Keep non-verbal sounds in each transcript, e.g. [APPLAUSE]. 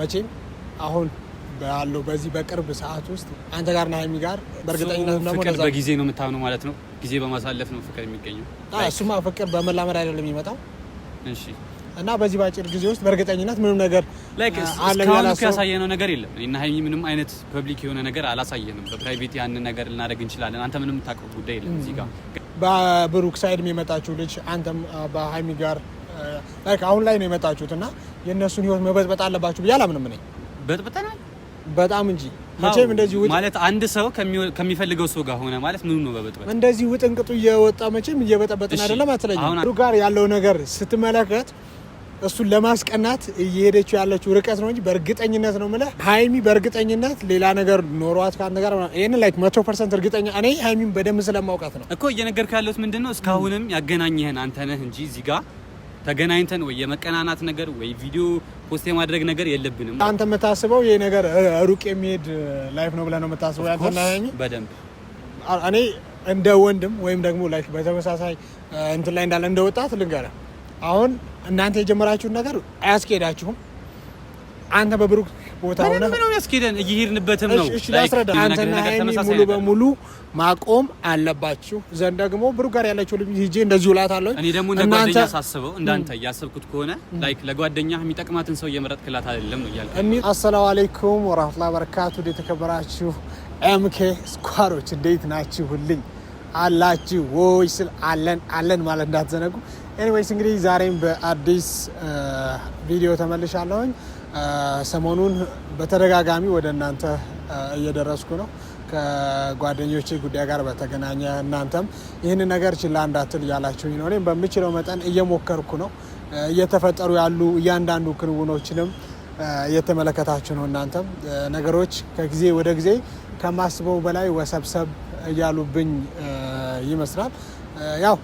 መቼም አሁን ባለው በዚህ በቅርብ ሰዓት ውስጥ አንተ ጋርና ሀይሚ ጋር በእርግጠኝነት ደግሞ ፍቅር በጊዜ ነው የምታምነው ማለት ነው። ጊዜ በማሳለፍ ነው ፍቅር የሚገኘው። እሱማ ፍቅር በመላመድ አይደለም የሚመጣው። እሺ እና በዚህ በአጭር ጊዜ ውስጥ በእርግጠኝነት ምንም ነገር ያሳየነው ነገር የለም። እና ሀይሚ ምንም አይነት ፐብሊክ የሆነ ነገር አላሳየንም። በፕራይቬት ያንን ነገር ልናደርግ እንችላለን። አንተ ምንም ታውቀው ጉዳይ የለም። እዚህ ጋር በብሩክ ሳይድ የመጣችው ልጅ አንተም በሀይሚ ጋር ላይክ አሁን ላይ ነው የመጣችሁት እና የእነሱን ህይወት መበጥበጥ አለባችሁ ብዬ አላምንም ነኝ። በጥብጠናል በጣም እንጂ መቼም እንደዚህ ማለት አንድ ሰው ከሚፈልገው ሰው ጋር ሆነ ማለት ምኑ ነው በበጥበጥ እንደዚህ ውጥንቅጡ እየወጣ መቼም እየበጠበጥን አይደለም። አትለኝም ሩ ጋር ያለው ነገር ስትመለከት እሱን ለማስቀናት እየሄደችው ያለችው ርቀት ነው እንጂ በእርግጠኝነት ነው የምልህ ሀይሚ በእርግጠኝነት ሌላ ነገር ኖሯት ከአንተ ጋር ይህን ላይ መቶ ፐርሰንት እርግጠኛ እኔ ሀይሚን በደንብ ስለማውቃት ነው እኮ እየነገርኩህ ያለሁት ምንድን ነው እስካሁንም ያገናኘህን አንተ ነህ እንጂ እዚህ ጋር ተገናኝተን ወይ የመቀናናት ነገር ወይ ቪዲዮ ፖስት የማድረግ ነገር የለብንም። አንተ የምታስበው ይሄ ነገር ሩቅ የሚሄድ ላይፍ ነው ብለህ ነው የምታስበው? ያልተናያኝ በደንብ እኔ እንደ ወንድም ወይም ደግሞ ላይክ በተመሳሳይ እንትን ላይ እንዳለ እንደ ወጣት ልንገርህ፣ አሁን እናንተ የጀመራችሁን ነገር አያስኬዳችሁም አንተ በብሩክ ቦታ ሆነ ምን ነው ያስኬደን እየሄድንበትም ነው። እሺ ላስረዳ። አንተና ሀይሚ ሙሉ በሙሉ ማቆም አለባችሁ ዘንድ ደግሞ ብሩክ ጋር ያላችሁ ልጅ ሂጄ ውላት አለኝ። እኔ ደግሞ እንደ ጓደኛ ሳስበው እንዳንተ እያሰብኩት ከሆነ ላይክ ለጓደኛ የሚጠቅማትን ሰው እየመረጥክላት አይደለም ነው እያልኩ እኔ። አሰላሙ አለይኩም ወራህመቱላሂ ወበረካቱ። የተከበራችሁ ኤምኬ ስኳሮች እንዴት ናችሁልኝ? አላችሁ ወይ ስል አለን አለን ማለት እንዳትዘነጉ። ኤኒዌይስ እንግዲህ ዛሬም በአዲስ ቪዲዮ ተመልሻለሁኝ። ሰሞኑን በተደጋጋሚ ወደ እናንተ እየደረስኩ ነው። ከጓደኞች ጉዳይ ጋር በተገናኘ እናንተም ይህን ነገር ችላ እንዳትል እያላችሁኝ ነው። እኔም በምችለው መጠን እየሞከርኩ ነው። እየተፈጠሩ ያሉ እያንዳንዱ ክንውኖችንም እየተመለከታችሁ ነው። እናንተም ነገሮች ከጊዜ ወደ ጊዜ ከማስበው በላይ ወሰብሰብ እያሉብኝ ይመስላል። ያው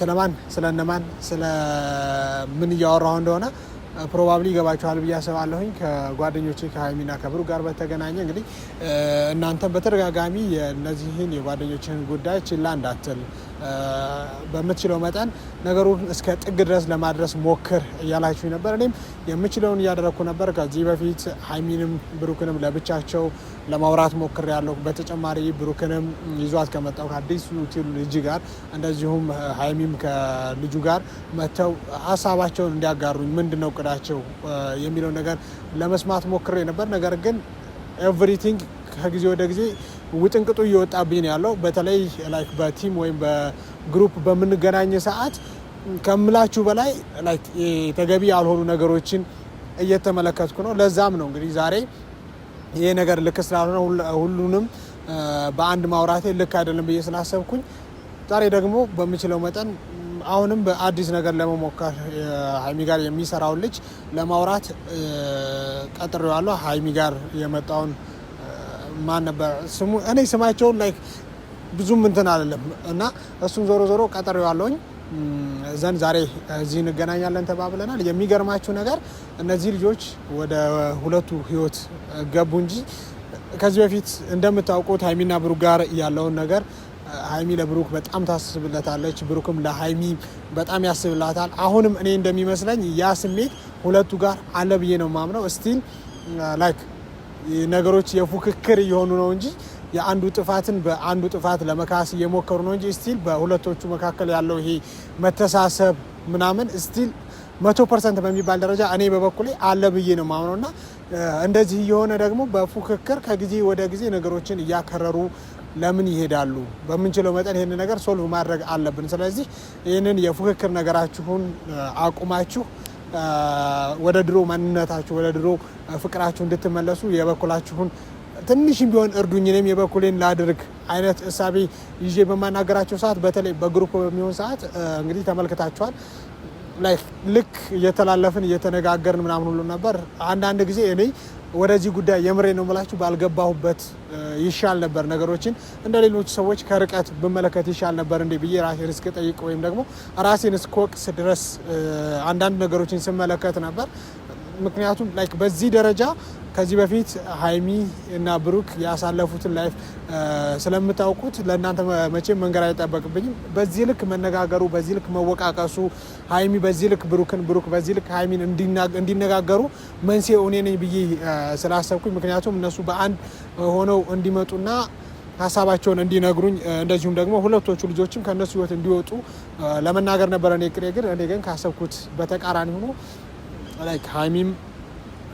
ስለማን ስለነማን ስለምን እያወራሁ እንደሆነ ፕሮባብሊ ይገባችኋል ብዬ አስባለሁኝ። ከጓደኞች ከሀይሚና ከብሩ ጋር በተገናኘ እንግዲህ እናንተም በተደጋጋሚ የእነዚህን የጓደኞችን ጉዳይ ችላ እንዳትል በምትችለው መጠን ነገሩን እስከ ጥግ ድረስ ለማድረስ ሞክር እያላችሁ ነበር። እኔም የምችለውን እያደረግኩ ነበር። ከዚህ በፊት ሀይሚንም ብሩክንም ለብቻቸው ለማውራት ሞክር ያለው በተጨማሪ ብሩክንም ይዟት ከመጣው ከአዲሱ ልጅ ጋር እንደዚሁም ሀይሚም ከልጁ ጋር መጥተው ሀሳባቸውን እንዲያጋሩኝ ምንድነው እቅዳቸው የሚለው ነገር ለመስማት ሞክሬ ነበር። ነገር ግን ኤቭሪቲንግ ከጊዜ ወደ ጊዜ ውጥንቅጡ እየወጣብኝ ያለው በተለይ ላይክ በቲም ወይም በግሩፕ በምንገናኝ ሰዓት ከምላችሁ በላይ ላይክ ተገቢ ያልሆኑ ነገሮችን እየተመለከትኩ ነው። ለዛም ነው እንግዲህ ዛሬ ይሄ ነገር ልክ ስላልሆነ ሁሉንም በአንድ ማውራቴ ልክ አይደለም ብዬ ስላሰብኩኝ ዛሬ ደግሞ በምችለው መጠን አሁንም በአዲስ ነገር ለመሞከር ሀይሚ ጋር የሚሰራውን ልጅ ለማውራት ቀጥሬዋለሁ። ሀይሚ ጋር የመጣውን ማን ነበር ስሙ? እኔ ስማቸውን ላይ ብዙም እንትን አይደለም እና እሱም ዞሮ ዞሮ ቀጥሬዋለሁኝ። ዘንድ ዛሬ እዚህ እንገናኛለን ተባብለናል። የሚገርማችሁ ነገር እነዚህ ልጆች ወደ ሁለቱ ህይወት ገቡ እንጂ ከዚህ በፊት እንደምታውቁት ሀይሚና ብሩክ ጋር ያለውን ነገር ሀይሚ ለብሩክ በጣም ታስብለታለች፣ ብሩክም ለሀይሚ በጣም ያስብላታል። አሁንም እኔ እንደሚመስለኝ ያ ስሜት ሁለቱ ጋር አለ ብዬ ነው ማምነው። እስቲል ላይክ ነገሮች የፉክክር እየሆኑ ነው እንጂ የአንዱ ጥፋትን በአንዱ ጥፋት ለመካስ እየሞከሩ ነው እንጂ ስቲል በሁለቶቹ መካከል ያለው ይሄ መተሳሰብ ምናምን ስቲል መቶ ፐርሰንት በሚባል ደረጃ እኔ በበኩሌ አለ ብዬ ነው ማምነው እና እንደዚህ እየሆነ ደግሞ በፉክክር ከጊዜ ወደ ጊዜ ነገሮችን እያከረሩ ለምን ይሄዳሉ? በምንችለው መጠን ይህን ነገር ሶልቭ ማድረግ አለብን። ስለዚህ ይህንን የፉክክር ነገራችሁን አቁማችሁ ወደ ድሮ ማንነታችሁ፣ ወደ ድሮ ፍቅራችሁ እንድትመለሱ የበኩላችሁን ትንሽም ቢሆን እርዱኝ እኔም የበኩሌን ላድርግ አይነት እሳቤ ይዤ በማናገራቸው ሰዓት በተለይ በግሩፕ በሚሆን ሰዓት እንግዲህ ተመልክታችኋል። ልክ እየተላለፍን እየተነጋገርን ምናምን ሁሉ ነበር። አንዳንድ ጊዜ እኔ ወደዚህ ጉዳይ የምሬ ነው የምላችሁ ባልገባሁበት ይሻል ነበር፣ ነገሮችን እንደ ሌሎች ሰዎች ከርቀት ብመለከት ይሻል ነበር እንዴ ብዬ ራሴን እስክ ጠይቅ ወይም ደግሞ ራሴን እስክወቅስ ድረስ አንዳንድ ነገሮችን ስመለከት ነበር። ምክንያቱም ላይክ በዚህ ደረጃ ከዚህ በፊት ሀይሚ እና ብሩክ ያሳለፉትን ላይፍ ስለምታውቁት ለእናንተ መቼም መንገድ አይጠበቅብኝም። በዚህ ልክ መነጋገሩ፣ በዚህ ልክ መወቃቀሱ፣ ሀይሚ በዚህ ልክ ብሩክን፣ ብሩክ በዚህ ልክ ሀይሚን እንዲነጋገሩ መንሴ እኔ ነኝ ብዬ ስላሰብኩኝ ምክንያቱም እነሱ በአንድ ሆነው እንዲመጡና ሀሳባቸውን እንዲነግሩኝ እንደዚሁም ደግሞ ሁለቶቹ ልጆችም ከእነሱ ህይወት እንዲወጡ ለመናገር ነበረ እኔ ቅሬ ግን እኔ ግን ካሰብኩት በተቃራኒ ሆኖ ሀይሚም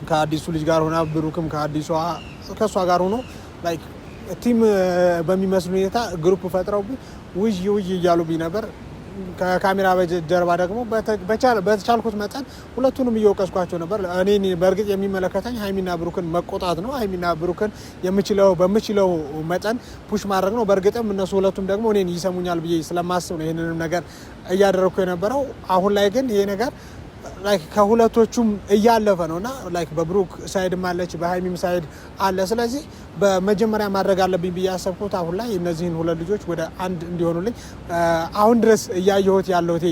ከአዲሱ ልጅ ጋር ሆና ብሩክም ከአዲሷ ከእሷ ጋር ሆኖ ላይክ ቲም በሚመስል ሁኔታ ግሩፕ ፈጥረው ውይ ውይ እያሉብኝ ነበር። ከካሜራ ጀርባ ደግሞ በተቻልኩት መጠን ሁለቱንም እየወቀስኳቸው ነበር። እኔ በእርግጥ የሚመለከተኝ ሀይሚና ብሩክን መቆጣት ነው። ሀይሚና ብሩክን የምችለው በምችለው መጠን ፑሽ ማድረግ ነው። በእርግጥም እነሱ ሁለቱም ደግሞ እኔን ይሰሙኛል ብዬ ስለማስብ ነው ይህንንም ነገር እያደረግኩ የነበረው። አሁን ላይ ግን ይሄ ነገር ከሁለቶቹም እያለፈ ነው እና ላይክ በብሩክ ሳይድም አለች በሀይሚም ሳይድ አለ። ስለዚህ በመጀመሪያ ማድረግ አለብኝ ብዬ ያሰብኩት አሁን ላይ እነዚህን ሁለት ልጆች ወደ አንድ እንዲሆኑልኝ አሁን ድረስ እያየሁት ያለሁት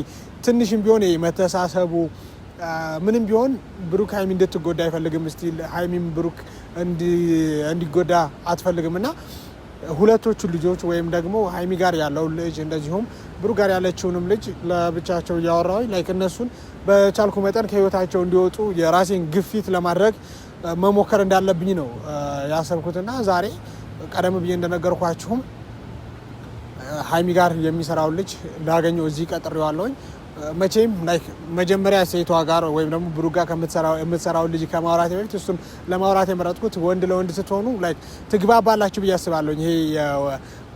ትንሽም ቢሆን መተሳሰቡ ምንም ቢሆን ብሩክ ሀይሚ እንድትጎዳ አይፈልግም። ስቲል ሀይሚም ብሩክ እንዲጎዳ አትፈልግም እና ሁለቶቹ ልጆች ወይም ደግሞ ሀይሚ ጋር ያለው ልጅ እንደዚሁም ብሩክ ጋር ያለችውንም ልጅ ለብቻቸው እያወራሁኝ ላይክ እነሱን በቻልኩ መጠን ከህይወታቸው እንዲወጡ የራሴን ግፊት ለማድረግ መሞከር እንዳለብኝ ነው ያሰብኩትና ዛሬ ቀደም ብዬ እንደነገርኳችሁም ሀይሚ ጋር የሚሰራው ልጅ እንዳገኘው እዚህ ቀጥሬዋለሁኝ። መቼም ላይክ መጀመሪያ ሴቷ ጋር ወይም ደግሞ ብሩ ጋር ልጅ ከማውራት በፊት እሱም ለማውራት የመረጥኩት ወንድ ለወንድ ስትሆኑ ላይክ ትግባባላችሁ ብዬ አስባለሁኝ። ይሄ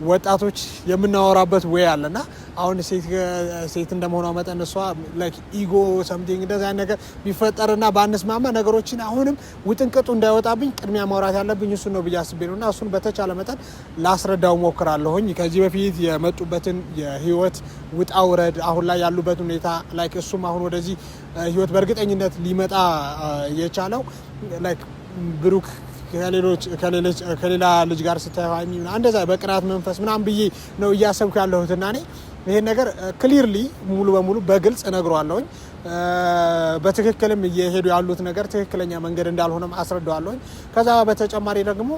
ወጣቶች የምናወራበት ወይ አለና አሁን ሴት እንደመሆኗ መጠን እሷ ኢጎ ሰምቲንግ እንደዚ ነገር ቢፈጠርና በአንስማማ ነገሮችን አሁንም ውጥንቅጡ እንዳይወጣብኝ ቅድሚያ ማውራት ያለብኝ እሱን ነው ብዬ አስቤ ነው እና እሱን በተቻለ መጠን ላስረዳው ሞክራለሁኝ። ከዚህ በፊት የመጡበትን የህይወት ውጣ ውረድ፣ አሁን ላይ ያሉበት ሁኔታ ላይክ እሱም አሁን ወደዚህ ህይወት በእርግጠኝነት ሊመጣ የቻለው ብሩክ ከሌላ ልጅ ጋር ስተፋኝ እንደዛ በቅናት መንፈስ ምናምን ብዬ ነው እያሰብኩ ያለሁት እና እኔ ይሄን ነገር ክሊርሊ ሙሉ በሙሉ በግልጽ እነግረዋለሁኝ። በትክክልም እየሄዱ ያሉት ነገር ትክክለኛ መንገድ እንዳልሆነም አስረዳዋለሁኝ። ከዛ በተጨማሪ ደግሞ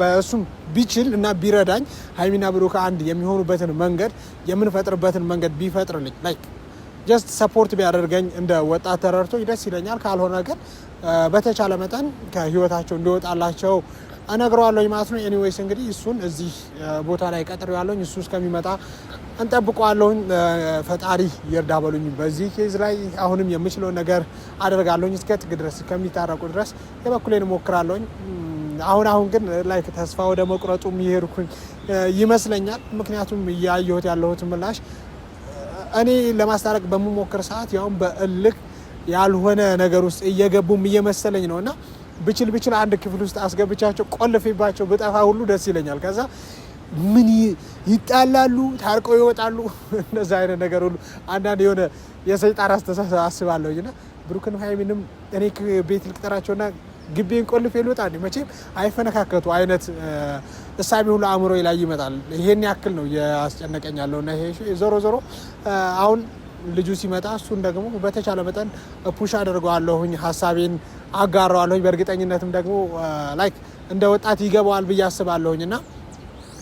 በእሱም ቢችል እና ቢረዳኝ ሀይሚና ብሩክ አንድ የሚሆኑበትን መንገድ የምንፈጥርበትን መንገድ ቢፈጥርልኝ ላይ ጀስት ሰፖርት ቢያደርገኝ እንደ ወጣት ተረድቶኝ ደስ ይለኛል። ካልሆነ ግን በተቻለ መጠን ከህይወታቸው እንዲወጣላቸው እነግረዋለኝ ማለት ነው። ኤኒዌይስ እንግዲህ እሱን እዚህ ቦታ ላይ ቀጥሬዋለሁኝ። እሱ እስከሚመጣ እንጠብቀዋለሁኝ። ፈጣሪ ይርዳ በሉኝ። በዚህ ኬዝ ላይ አሁንም የምችለውን ነገር አደርጋለሁኝ። እስከ ጥግ ድረስ እስከሚታረቁ ድረስ የበኩሌን ሞክራለሁኝ። አሁን አሁን ግን ላይክ ተስፋ ወደ መቁረጡ የሚሄድኩኝ ይመስለኛል። ምክንያቱም እያየሁት ያለሁት ምላሽ እኔ ለማስታረቅ በምሞክር ሰዓት ያውም በእልክ ያልሆነ ነገር ውስጥ እየገቡም እየመሰለኝ ነው እና ብችል ብችል አንድ ክፍል ውስጥ አስገብቻቸው ቆልፌባቸው ብጠፋ ሁሉ ደስ ይለኛል። ከዛ ምን ይጣላሉ፣ ታርቀው ይወጣሉ። [LAUGHS] እንደዛ አይነት ነገር ሁሉ አንዳንድ የሆነ የሰይጣን አስተሳሰብ አስባለሁኝ እና ብሩክን ሀይሚንም እኔ ቤት ልቅጠራቸውና ግቢን ቆልፍ የልወጣ መቼም አይፈነካከቱ አይነት እሳቤ ሁሉ አእምሮ ላይ ይመጣል። ይሄን ያክል ነው እያስጨነቀኝ ያለው እና ይሄ ዞሮ ዞሮ አሁን ልጁ ሲመጣ እሱን ደግሞ በተቻለ መጠን ፑሽ አድርገዋለሁኝ፣ ሀሳቤን አጋረዋለሁኝ። በእርግጠኝነትም ደግሞ ላይክ እንደ ወጣት ይገባዋል ብዬ አስባለሁኝ እና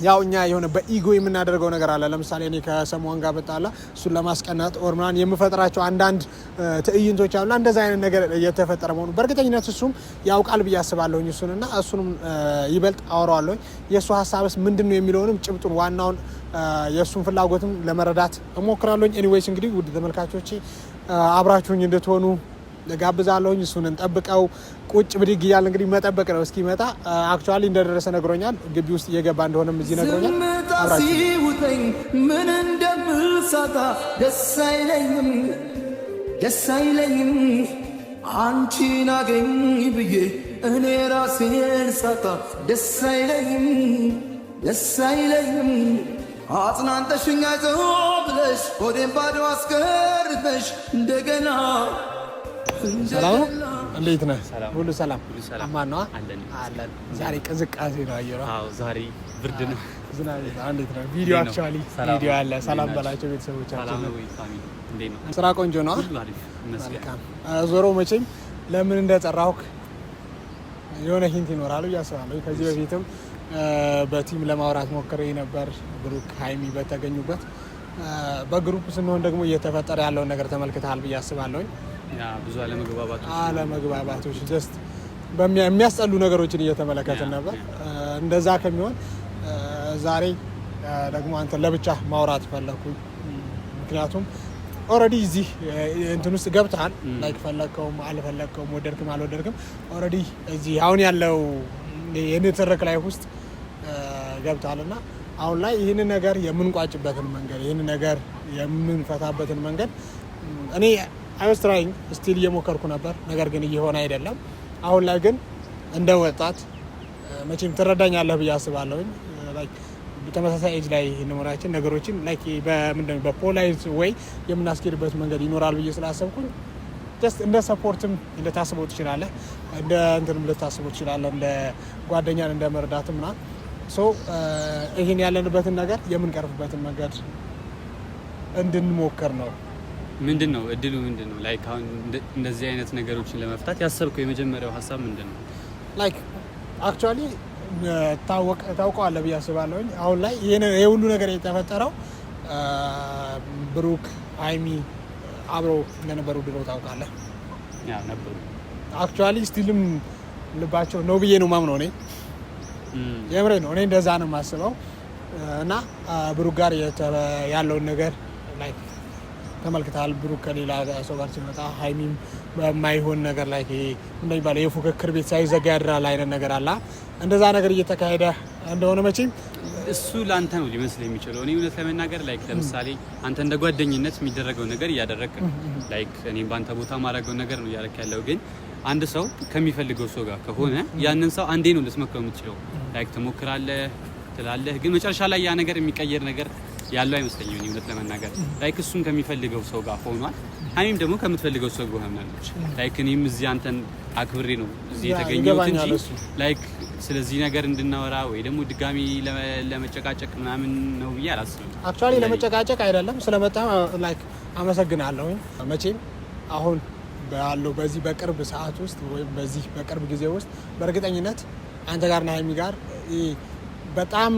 ያው እኛ የሆነ በኢጎ የምናደርገው ነገር አለ። ለምሳሌ እኔ ከሰሞን ጋር በጣላ እሱን ለማስቀናት ኦር ምናምን የምፈጥራቸው አንዳንድ ትዕይንቶች አሉ እንደዚ አይነት ነገር እየተፈጠረ መሆኑ በእርግጠኝነት እሱም ያውቃል ብዬ አስባለሁኝ። እሱንና እሱንም ይበልጥ አወራዋለሁኝ። የእሱ ሀሳብስ ምንድን ነው የሚለውንም ጭብጡን ዋናውን የእሱን ፍላጎትም ለመረዳት እሞክራለሁኝ። ኤኒዌይስ እንግዲህ ውድ ተመልካቾቼ አብራችሁኝ እንድትሆኑ ጋብዛለሁኝ። እሱን እንጠብቀው። ቁጭ ብድግ እያለ እንግዲህ መጠበቅ ነው እስኪመጣ። አክቹዋሊ እንደደረሰ ነግሮኛል። ግቢ ውስጥ እየገባ እንደሆነም እዚህ ነግሮኛል። ሲውጠኝ ምን እንደምሳታ ደስ አይለኝም ደስ አይለኝም አንቺን አገኝ ብዬ እኔ ራሴን ሳታ ደስ አይለኝም ደስ አይለኝም አጽናንተሽኛ ዘው ብለሽ ሆዴን ባዶ አስገርበሽ እንደገና እንዴት ነህ? ሁሉ ሰላም አማን ነው አለን። ዛሬ ቅዝቃዜ ነው አየሩ። አዎ ዛሬ ብርድ ነው፣ ዝናብ ነው። እንዴት ነው? ቪዲዮ ቪዲዮ አለ። ሰላም በላቸው ቤተሰቦቻችን። ስራ ቆንጆ ነው። መልካም ዞሮ መቼም ለምን እንደጠራሁክ የሆነ ሂንት ይኖራል ብዬ አስባለሁ። ከዚህ በፊትም በቲም ለማውራት ሞክሬ ነበር ብሩክ ሀይሚ በተገኙበት። በግሩፕ ስንሆን ደግሞ እየተፈጠረ ያለውን ነገር ተመልክተሃል ብዬ አስባለሁኝ። ብዙ አለመግባባቶች ጀስት የሚያስጠሉ ነገሮችን እየተመለከትን ነበር። እንደዛ ከሚሆን ዛሬ ደግሞ አንተ ለብቻ ማውራት ፈለኩ ምክንያቱም ኦልሬዲ እዚህ እንትን ውስጥ ገብተሃል። ላይክ ፈለግከውም አልፈለግከውም፣ ወደድክም አልወደድክም ኦልሬዲ እዚህ አሁን ያለው የንትርክ ላይ ውስጥ ገብተሃል እና አሁን ላይ ይህንን ነገር የምንቋጭበትን መንገድ ይህንን ነገር የምንፈታበትን መንገድ እኔ አይወስ ስቲል እየሞከርኩ ነበር፣ ነገር ግን እየሆነ አይደለም። አሁን ላይ ግን እንደ ወጣት uh, መቼም ትረዳኛለህ ብዬ አስባለሁኝ። uh, ተመሳሳይ ኤጅ ላይ ንመራችን ነገሮችን ምንድን በፖላይዝ ወይ የምናስኬድበት መንገድ ይኖራል ብዬ ስላሰብኩኝ እንደ ሰፖርትም ልታስበው ትችላለህ፣ እንደ እንትንም ልታስበው ትችላለህ፣ እንደ ጓደኛን እንደ መረዳትም ና uh, ይህን ያለንበትን ነገር የምንቀርፍበትን መንገድ እንድንሞክር ነው። ምንድን ነው እድሉ ምንድን ነው ላይክ አሁን እንደዚህ አይነት ነገሮችን ለመፍታት ያሰብከው የመጀመሪያው ሀሳብ ምንድን ነው? ላይክ አክቹዋሊ ታውቀዋለ ብዬ አስባለሁኝ። አሁን ላይ ይህ ሁሉ ነገር የተፈጠረው ብሩክ ሀይሚ አብረው እንደነበሩ ድሮ ታውቃለህ ነበሩ። አክቹዋሊ ስቲልም ልባቸው ነው ብዬ ነው ማምነው። እኔ የምሬ ነው፣ እኔ እንደዛ ነው የማስበው እና ብሩክ ጋር ያለውን ነገር ላይክ ተመልክተሃል። ብሩክ ከሌላ ሰው ጋር ሲመጣ ሀይሚም በማይሆን ነገር ላይ እንደሚባለው የፉክክር ቤት ሳይዘጋ ያድራል አይነት ነገር አላ እንደዛ ነገር እየተካሄደ እንደሆነ መቼም እሱ ለአንተ ነው ሊመስል የሚችለው። እኔ እውነት ለመናገር ላይክ ለምሳሌ አንተ እንደ ጓደኝነት የሚደረገው ነገር እያደረግ ላይክ እኔም በአንተ ቦታ ማድረገው ነገር ነው እያደረግ ያለው ግን አንድ ሰው ከሚፈልገው ሰው ጋር ከሆነ ያንን ሰው አንዴ ነው ልትመክረው የምትችለው። ላይክ ትሞክራለህ፣ ትላለህ ግን መጨረሻ ላይ ያ ነገር የሚቀየር ነገር ያለው አይመስለኝም። እኔ እውነት ለመናገር ላይክ እሱም ከሚፈልገው ሰው ጋር ሆኗል። ሀይሚም ደግሞ ከምትፈልገው ሰው ጋር ሆናለች። ላይክ እኔም እዚህ አንተን አክብሬ ነው እዚህ የተገኘሁት እንጂ ላይክ ስለዚህ ነገር እንድናወራ ወይ ደግሞ ድጋሚ ለመጨቃጨቅ ምናምን ነው ብዬ አላስብም። አክቹዋሊ ለመጨቃጨቅ አይደለም ስለመጣ ላይክ አመሰግናለሁ። መቼም አሁን ባለው በዚህ በቅርብ ሰዓት ውስጥ ወይም በዚህ በቅርብ ጊዜ ውስጥ በእርግጠኝነት አንተ ጋርና ሀይሚ ጋር በጣም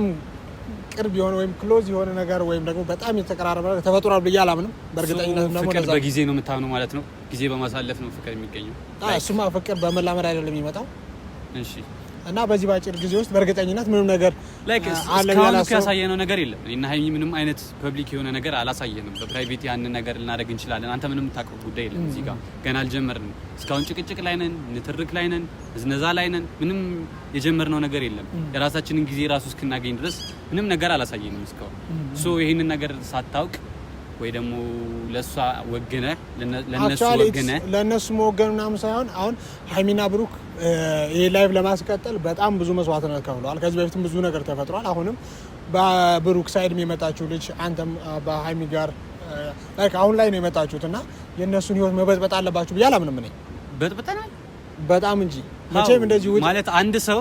ቅርብ የሆነ ወይም ክሎዝ የሆነ ነገር ወይም ደግሞ በጣም የተቀራረበ ነገር ተፈጥሯል ብዬ አላምንም። በእርግጠኝነት ደግሞ ፍቅር በጊዜ ነው የምታምነው ማለት ነው። ጊዜ በማሳለፍ ነው ፍቅር የሚገኘው። እሱማ ፍቅር በመላመድ አይደለም የሚመጣው። እሺ እና በዚህ በአጭር ጊዜ ውስጥ በእርግጠኝነት ምንም ነገር እስካሁን እኮ ያሳየነው ነገር የለም። እና ሀይሚ ምንም አይነት ፐብሊክ የሆነ ነገር አላሳየንም። በፕራይቬት ያንን ነገር ልናደርግ እንችላለን። አንተ ምንም ታውቀው ጉዳይ የለም። እዚህ ጋር ገና አልጀመርንም። እስካሁን ጭቅጭቅ ላይነን፣ ንትርክ ላይነን፣ እዝነዛ ላይነን። ምንም የጀመርነው ነገር የለም። የራሳችንን ጊዜ ራሱ እስክናገኝ ድረስ ምንም ነገር አላሳየንም እስካሁን። ሶ ይህንን ነገር ሳታውቅ ወይ ደግሞ ለእሷ ወግነ ለነሱ ወግነ ለእነሱ መወገን ምናምን ሳይሆን አሁን ሀይሚና ብሩክ ይህ ላይቭ ለማስቀጠል በጣም ብዙ መስዋዕትነት ከፍለዋል። ከዚህ በፊትም ብዙ ነገር ተፈጥሯል። አሁንም በብሩክ ሳይድ የመጣችው ልጅ አንተም በሀይሚ ጋር አሁን ላይ ነው የመጣችሁት እና የእነሱን ህይወት መበጥበጥ አለባችሁ ብዬ አላምንም ነኝ። በጥብጠናል በጣም እንጂ መቼም እንደዚህ ውጥ ማለት አንድ ሰው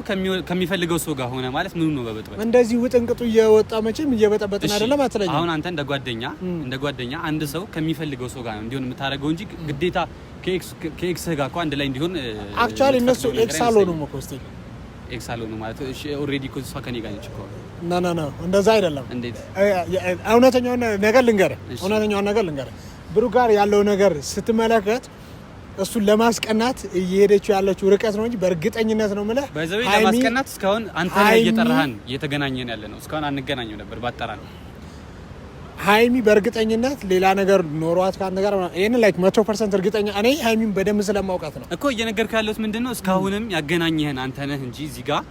ከሚፈልገው ሰው ጋር ሆነ ማለት ምኑ ነው በበጥበጥ እንደዚህ ውጥንቅጡ እየወጣ መቼም እየበጠበጥን አይደለም አትለኝ። አሁን አንተ እንደ ጓደኛ እንደ ጓደኛ አንድ ሰው ከሚፈልገው ሰው ጋር ነው እንዲሆን የምታደርገው እንጂ ግዴታ ከኤክስ ጋር እኮ አንድ ላይ እንዲሆን አክቹዋሊ እነሱ ኤክስ አልሆኑም እኮ እስቲ ኤክስ አልሆኑም ማለት እሺ፣ ኦልሬዲ እኮ እሷ ከኔ ጋር ነች እኮ ና ና ና፣ እንደዛ አይደለም። እንዴት እውነተኛውን ነገር ልንገርህ፣ እውነተኛውን ነገር ልንገርህ ብሩ ጋር ያለው ነገር ስትመለከት እሱን ለማስቀናት እየሄደችው ያለችው ርቀት ነው እንጂ በእርግጠኝነት ነው የምልህ ለማስቀናት እስካሁን አንተ ላይ እየጠራህን እየተገናኘን ያለ ነው። እስካሁን አንገናኘው ነበር ባጠራ ነው። ሀይሚ በእርግጠኝነት ሌላ ነገር ኖሯት ከአንተ ጋር ይህን ላይ መቶ ፐርሰንት እርግጠኛ እኔ ሀይሚን በደንብ ስለማውቃት ነው እኮ እየነገርኩህ ያለሁት። ምንድን ነው እስካሁንም ያገናኘህን አንተ ነህ እንጂ እዚህ ጋር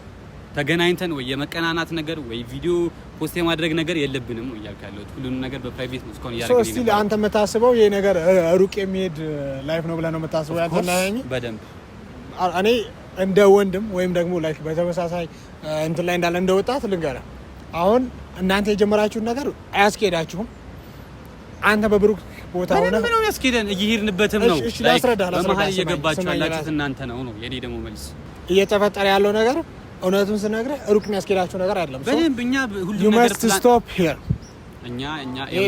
ተገናኝተን ወይ የመቀናናት ነገር ወይ ቪዲዮ ፖስት የማድረግ ነገር የለብንም ነው እያልክ ያለሁት። ሁሉንም ነገር በፕራይቬት ነው እስካሁን እያደረግን። ስቲል አንተ የምታስበው ይሄ ነገር ሩቅ የሚሄድ ላይፍ ነው ብለህ ነው የምታስበው? ያኝ በደንብ እኔ እንደ ወንድም ወይም ደግሞ ላይክ በተመሳሳይ እንትን ላይ እንዳለ እንደ ወጣት ልንገርህ፣ አሁን እናንተ የጀመራችሁን ነገር አያስኬዳችሁም። አንተ በብሩክ ቦታ ሆነ ምንም ነው ያስኬደን፣ እየሄድንበትም ነው። እሺ ላስረዳህ፣ በመሀል እየገባችሁ ያላችሁት እናንተ ነው ነው የኔ ደግሞ መልስ እየተፈጠረ ያለው ነገር እውነቱን ስነግርህ ሩቅ የሚያስኬዳቸው ነገር አይደለም። እኛ ሁሉም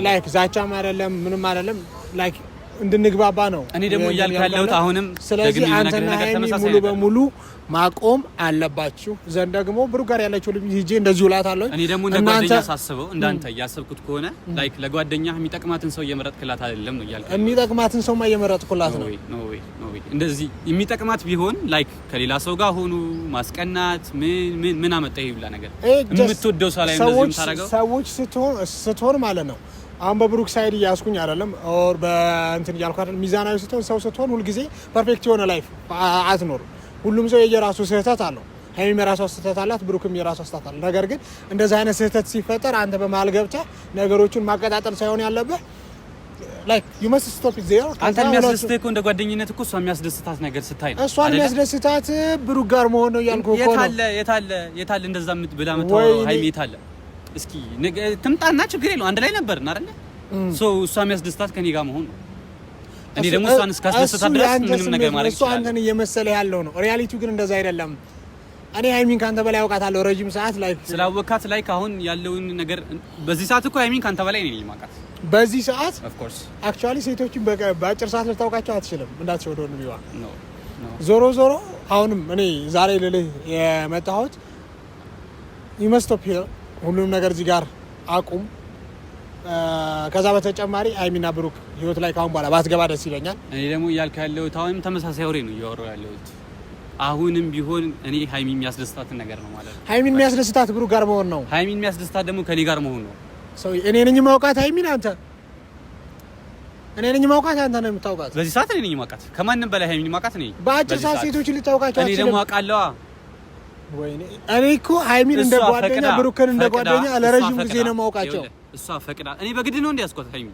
ነገር ዛቻም አይደለም ምንም አይደለም ላይክ እንድንግባባ ነው። እኔ ደግሞ እያልክ ያለሁት አሁንም፣ ስለዚህ አንተና ሀይሚ ሙሉ በሙሉ ማቆም አለባችሁ። ዘንድ ደግሞ ብሩ ጋር ያለችው ልጅ ሂጄ እንደዚሁ አለ። እኔ ደግሞ እንደ ጓደኛ ሳስበው እንዳንተ እያሰብኩት ከሆነ ላይክ ለጓደኛ የሚጠቅማትን ሰው እየመረጥክላት አይደለም ነው እያልክ። የሚጠቅማትን ሰውማ እየመረጥኩላት ነው። እንደዚህ የሚጠቅማት ቢሆን ላይክ ከሌላ ሰው ጋር ሆኑ ማስቀናት ምን ምን ምን አመጣ ይብላ ነገር የምትወደው ሰው ላይ ሰዎች ስትሆን ማለት ነው አሁን በብሩክ ሳይድ እያስኩኝ አይደለም ኦር በእንትን እያልኩ አይደለም። ሚዛናዊ ስትሆን ሰው ስትሆን ሁልጊዜ ፐርፌክት የሆነ ላይፍ አትኖርም። ሁሉም ሰው የየራሱ ስህተት አለው። ሀይሚም የራሷ ስህተት አላት፣ ብሩክም የራሷ ስህተት አለ። ነገር ግን እንደዚህ አይነት ስህተት ሲፈጠር አንተ በመሀል ገብተህ ነገሮቹን ማቀጣጠል ሳይሆን ያለብህ አንተ የሚያስደስትህ እኮ እንደ ጓደኝነት እኮ እሷ የሚያስደስታት ነገር ስታይ ነው። እሷን የሚያስደስታት ብሩክ ጋር መሆን ነው እያልኩህ እኮ ነው። የታለ የታለ የታለ እንደዛ ብላ መተው ሀይሚ የታለ እስኪ ትምጣና ችግር የለው አንድ ላይ ነበር አይደለ? ሶ እሷ የሚያስደስታት ከኔ ጋር መሆን እኔ ደግሞ እሷን እስካስደስታት ድረስ ምንም ነገር ማለት እሱ አንተን እየመሰለ ያለው ነው። ሪያሊቲው ግን እንደዛ አይደለም። እኔ ሃይሚን ካንተ በላይ አውቃታለሁ። ረጅም ሰዓት ላይ ስላወካት ላይ ካሁን ያለውን ነገር በዚህ ሰዓት እኮ ሃይሚን ካንተ በላይ ነኝ ማውቃት በዚህ ሰዓት ኦፍ ኮርስ አክቹአሊ ሴቶችን በአጭር ሰዓት ልታውቃቸው አትችልም። እንዳትሽ ወደ ሆኑ ቢዋ ዞሮ ዞሮ አሁንም እኔ ዛሬ ልልህ የመጣሁት ዩ መስት ስቶፕ ሂር ሁሉም ነገር እዚህ ጋር አቁም። ከዛ በተጨማሪ አይሚና ብሩክ ህይወት ላይ ካሁን በኋላ ባትገባ ደስ ይለኛል። እኔ ደግሞ እያልክ ያለሁት አሁንም ተመሳሳይ ወሬ ነው እያወራሁ ያለሁት። አሁንም ቢሆን እኔ ሀይሚ የሚያስደስታትን ነገር ነው ማለት ነው። ሀይሚን የሚያስደስታት ብሩክ ጋር መሆን ነው። ሀይሚን የሚያስደስታት ደግሞ ከኔ ጋር መሆን ነው። ሰው እኔ ነኝ ማውቃት ሀይሚን አንተ እኔ ነኝ ማውቃት አንተ ነው የምታውቃት። በዚህ ሰዓት እኔ ነኝ ማውቃት ከማንም በላይ ሀይሚን ማውቃት ነኝ። በአጭር ሰዓት ሴቶች ልታውቃቸው እኔ ደግሞ አውቃለዋ እኔ እኮ ሀይሚን እንደ ጓደኛ ብሩክን እንደ ጓደኛ ለረዥም ጊዜ ነው ማውቃቸው። እሷ ፈቅዳ እኔ በግድ ነው እንዲያስኳት ሀይሚ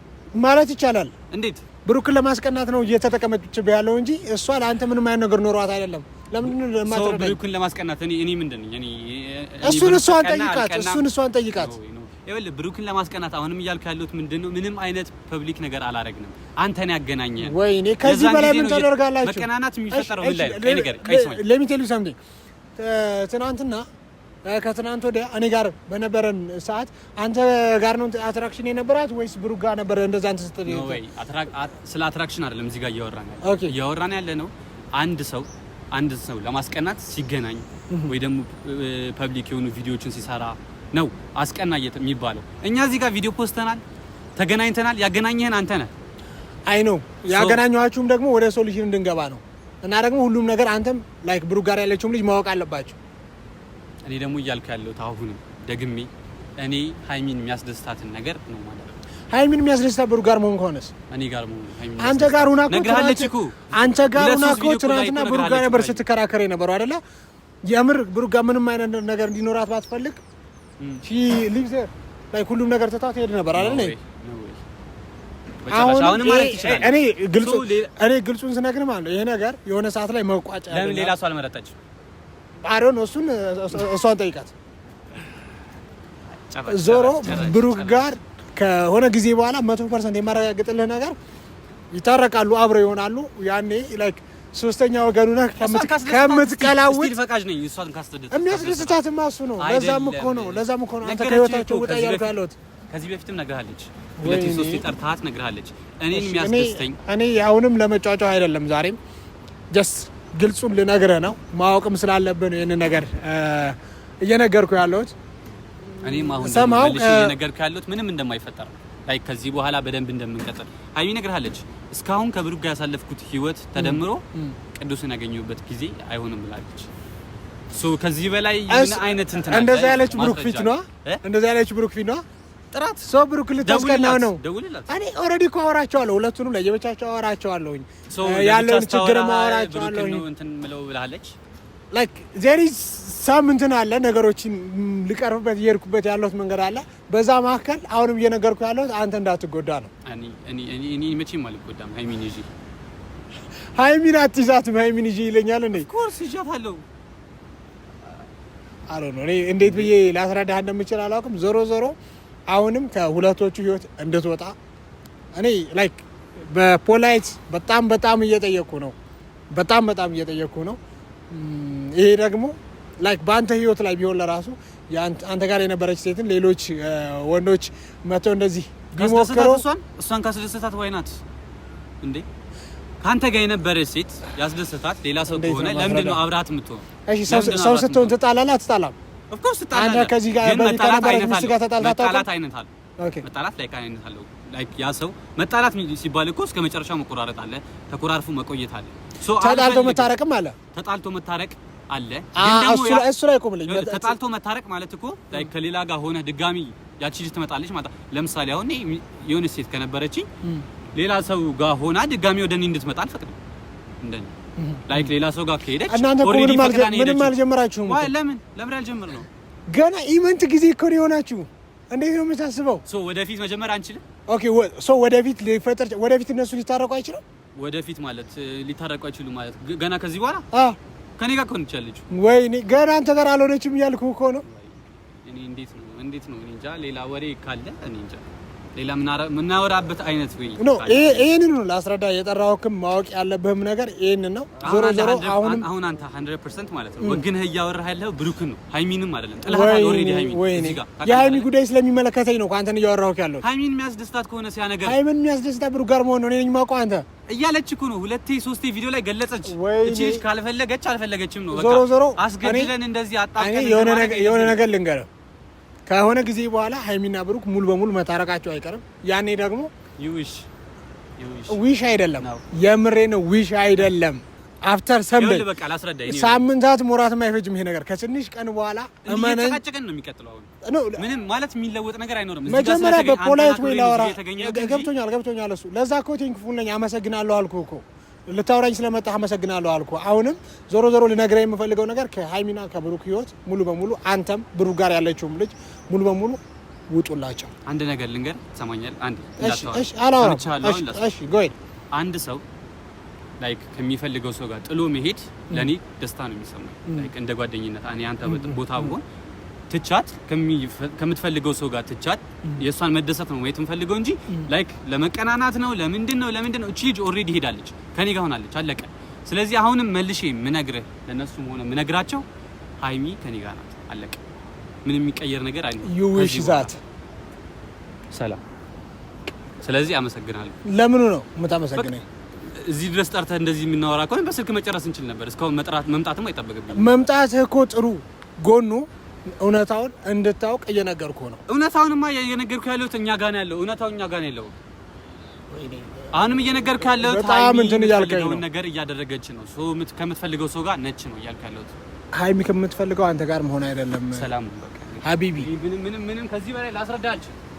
ማለት ይቻላል። እንዴት ብሩክን ለማስቀናት ነው እየተጠቀመች ያለው እንጂ እሷ ለአንተ ምንም አይነት ነገር ኖሯት አይደለም። ለምንድን ነው ብሩክን ለማስቀናት? እኔ እኔ ምንድን ነኝ? እሱን እሷን ጠይቃት፣ እሱን እሷን ጠይቃት። ይኸውልህ ብሩክን ለማስቀናት አሁንም እያልኩ ያለሁት ምንድን ነው፣ ምንም አይነት ፐብሊክ ነገር አላረግንም። አንተን ያገናኘ ወይ ከዚህ በላይ ምን ተደርጋላችሁ? መቀናናት የሚፈጠረው ምን ላይ ነው? ቀይ ቀይ ነገር ለሚቴሉ ትናንትና ከትናንት ወደ እኔ ጋር በነበረን ሰዓት አንተ ጋር ነው አትራክሽን የነበራት ወይስ ብሩክ ጋር ነበረ? እንደዛ አንተ ስትል ስለ አትራክሽን አይደለም እዚህ ጋር እያወራን ያለ እያወራን ያለ ነው። አንድ ሰው አንድ ሰው ለማስቀናት ሲገናኝ ወይ ደግሞ ፐብሊክ የሆኑ ቪዲዮዎችን ሲሰራ ነው አስቀና የሚባለው። እኛ እዚህ ጋር ቪዲዮ ፖስተናል፣ ተገናኝተናል። ያገናኘህን አንተ ነህ። አይ ነው ያገናኘኋችሁም ደግሞ ወደ ሶሉሽን እንድንገባ ነው እና ደግሞ ሁሉም ነገር አንተም ላይክ ብሩክ ጋር ያለችውም ልጅ ማወቅ አለባቸው። እኔ ደግሞ እያልኩ ያለሁት አሁንም ደግሜ እኔ ሀይሚን የሚያስደስታትን ነገር ነው ማለት ነው። ሀይሚን የሚያስደስታት ብሩክ ጋር መሆን ከሆነስ እኔ ጋር መሆን አንተ ጋር ሁና እኮ አንተ ጋር ሁና እኮ ትናንትና ብሩክ ጋር ነበር ስትከራከር የነበረው አይደለ? የምር ብሩክ ጋር ምንም አይነት ነገር እንዲኖራት ባትፈልግ ሺ ሊቭ ላይክ ሁሉም ነገር ትታ ትሄድ ነበር አይደለ? እኔ ግልጹን ስነግር ማለት ነው ይሄ ነገር የሆነ ሰዓት ላይ መቋጫ ለምን ሌላ ሰው አልመረጠችም? አሪዮን እሱን እሷን ጠይቃት። ዞሮ ብሩክ ጋር ከሆነ ጊዜ በኋላ መቶ ፐርሰንት የማረጋግጥልህ ነገር ይታረቃሉ፣ አብረው ይሆናሉ። ያኔ ላይክ ሶስተኛ ወገኑ ነህ ከምትቀላውጥ የሚያስደስታትማ እሱ ነው። ለዛም እኮ ነው ለዛም እኮ ነው አንተ ከህይወታቸው ውጣ እያልኩ ያለሁት። ከዚህ በፊትም ነግራለች፣ ሁለት ሶስት የጠርታት ነግራለች። እኔን የሚያስደስተኝ እኔ አሁንም ለመጫጫው አይደለም፣ ዛሬም ጀስ ግልጹን ልነግርህ ነው። ማወቅም ስላለብን ይህን ነገር እየነገርኩ ያለሁት እኔም አሁን ሰማሁ እየነገርኩ ያለሁት ምንም እንደማይፈጠር ላይ ከዚህ በኋላ በደንብ እንደምንቀጥል አይ ነግርሃለች። እስካሁን ከብሩክ ጋር ያሳለፍኩት ህይወት ተደምሮ ቅዱስን ያገኘሁበት ጊዜ አይሆንም ብላለች። ሶ ከዚህ በላይ ምን አይነት እንትና እንደዛ ያለች ብሩክ ፊት ነው እንደዛ ያለች ብሩክ ፊት ነው ጥራት ሶ ብሩክ ልታስቀናው ነው። እኔ ኦልሬዲ እኮ አወራቸዋለሁ፣ ሁለቱንም ለየብቻቸው አወራቸዋለሁኝ፣ ያለውን ምለው ብላለች ላይክ ዜር ኢዝ ሳምንትን አለ ነገሮችን ልቀርብበት እየሄድኩበት ያለሁት መንገድ አለ። በዛ መካከል አሁንም እየነገርኩ ያለሁት አንተ እንዳትጎዳ ነው። እኔ መቼም አልጎዳም። ሀይሚን ይዤ ሀይሚን አትይዛትም። ሀይሚን ይዤ ይለኛል እንዴ? ኮርስ ይዣታለሁ። አረ ነው እኔ እንዴት ብዬ ላስረዳህ እንደምችል አላውቅም። ዞሮ ዞሮ አሁንም ከሁለቶቹ ህይወት እንድትወጣ እኔ ላይክ በፖላይት በጣም በጣም እየጠየቅኩ ነው። በጣም በጣም እየጠየቅኩ ነው። ይሄ ደግሞ ላይክ በአንተ ህይወት ላይ ቢሆን ለራሱ አንተ ጋር የነበረች ሴትን ሌሎች ወንዶች መተው እንደዚህ ቢሞክሩ እሷን ካስደሰታት ወይ ናት እንዴ? ከአንተ ጋር የነበረች ሴት ያስደሰታት ሌላ ሰው ከሆነ ለምንድን ነው አብራት የምትሆን? እሺ ሰው ስትሆን ትጣላለህ አትጣላም? ኦፍኮርስ ትጣላለህ። ከዚህ ጋር በነበረች ጋር ተጣልታ ታውቃለህ? አይነት አለ መጣላት ላይ አይነት አለው ላይክ ያ ሰው መጣላት ሲባል እኮ እስከ መጨረሻው መቆራረጥ አለ፣ ተኮራርፎ መቆየት አለ፣ ተጣልቶ መታረቅም አለ። ተጣልቶ መታረቅ አለ። እሱ ላይ እሱ ላይ ቆምልኝ። ተጣልቶ መታረቅ ማለት እኮ ከሌላ ጋር ሆነ ድጋሚ ያቺ ልጅ ትመጣለች ማለት ለምሳሌ አሁን የሆነ ሴት ከነበረችኝ ሌላ ሰው ጋር ሆና ድጋሚ ወደ እኔ እንድትመጣ አልፈቅድም። እንደኔ ላይክ ሌላ ሰው ጋር ከሄደች እናንተ እኮ ምንም አልጀመራችሁም። ለምን ለምን ያልጀምር ነው? ገና ኢቨንት ጊዜ እኮ ነው የሆናችሁ። እንዴት ነው የምታስበው? ሶ ወደፊት መጀመር አንችልም። ኦኬ ሶ ወደፊት ሊፈጠር ወደፊት እነሱ ሊታረቁ አይችልም። ወደፊት ማለት ሊታረቁ አይችሉም ማለት ገና ከዚህ በኋላ ከኔ ጋር ከሆነች ያለችው ወይኔ ገና አንተ ጋር አልሆነችም እያልኩ እኮ ነው። እኔ እንዴት ነው እንዴት ነው? እኔ እንጃ ሌላ ወሬ ካለ እኔ እንጃ ሌላ ምናወራበት አይነት ወይ ኖ ይሄንን ነው ላስረዳ የጠራሁክም ማወቅ ያለብህም ነገር ይሄንን ነው። ዞሮ ዞሮ አሁን አሁን አንተ 100% ማለት ነው ወግንህ እያወራህ ያለኸው ብሩክን ነው ሃይሚንም አይደለም። ጥላሃ ኦሬዲ ሃይሚን የሃይሚ ጉዳይ ስለሚመለከተኝ ነው አንተን እያወራሁክ ያለሁት። ሃይሚን የሚያስደስታት ከሆነ ሲያ ነገር ሃይሚን የሚያስደስታት ብሩክ ጋር መሆን ነው። እኔ ማውቀው አንተ እያለች እኮ ነው ሁለቴ ሶስቴ ቪዲዮ ላይ ገለጸች። እቺ ልጅ ካልፈለገች አልፈለገችም ነው በቃ። ዞሮ ዞሮ አስገድለን እንደዚህ አጣቀን የሆነ ነገር ልንገርህ ከሆነ ጊዜ በኋላ ሀይሚና ብሩክ ሙሉ በሙሉ መታረቃቸው አይቀርም። ያኔ ደግሞ ዊሽ አይደለም፣ የምሬ ነው፣ ዊሽ አይደለም አፍተር ሰንበይ ሳምንታት ሞራት አይፈጅም። ይሄ ነገር ከትንሽ ቀን በኋላ እመነኝ ነው የሚቀጥለው። ምንም ማለት የሚለወጥ ነገር አይኖርም። መጀመሪያ በፖላይት ወይ ላወራ ገብቶኛል፣ ገብቶኛል። እሱ ለዛ እኮ ቴንክፉ ነኝ፣ አመሰግናለሁ አልኩ እኮ ልታወራኝ ስለመጣህ አመሰግናለሁ አልኩ። አሁንም ዞሮ ዞሮ ልነግረህ የምፈልገው ነገር ከሀይሚና ከብሩክ ህይወት ሙሉ በሙሉ አንተም ብሩክ ጋር ያለችውም ልጅ ሙሉ በሙሉ ውጡላቸው። አንድ ነገር ልንገር፣ ሰማኛል። አንድ አንድ ሰው ላይክ ከሚፈልገው ሰው ጋር ጥሎ መሄድ ለእኔ ደስታ ነው የሚሰማኝ፣ ላይክ እንደ ጓደኝነት እኔ አንተ ቦታ ብሆን ትቻት ከምትፈልገው ሰው ጋር ትቻት የእሷን መደሰት ነው ማየት ምፈልገው እንጂ ላይክ ለመቀናናት ነው ለምንድን ነው ለምንድን ነው? እቺ ልጅ ኦልሬዲ ሄዳለች፣ ከኔ ጋር ሆናለች፣ አለቀ። ስለዚህ አሁንም መልሼ ምነግርህ ለእነሱም ሆነ ምነግራቸው ሀይሚ ከኔ ጋር ናት፣ አለቀ። ምን የሚቀየር ነገር አለ? ዩ ዊሽ ዛት ሰላም። ስለዚህ አመሰግናለሁ። ለምኑ ነው የምታመሰግነኝ? እዚህ ድረስ ጠርተህ እንደዚህ የምናወራ ከሆነ በስልክ መጨረስ እንችል ነበር። እስካሁን መጥራት መምጣትም አይጠበቅብኝም። መምጣትህ እኮ ጥሩ ጎኑ እውነታውን እንድታውቅ እየነገርኩ ነው። እውነታውንማ እየነገርኩ ያለሁት እኛ ጋን ያለው እውነታውን እኛ ጋን ያለው አሁንም እየነገርኩ ያለሁት በጣም እንትን እያልከኝ ነው። ነገር እያደረገች ነው። ከምትፈልገው ሰው ጋር ነች ነው እያልኩ ያለሁት። ሀይሚ ከምትፈልገው አንተ ጋር መሆን አይደለም። ሰላም ሀቢቢ ምንም ምንም ከዚህ በላይ ላስረዳ አልችልም።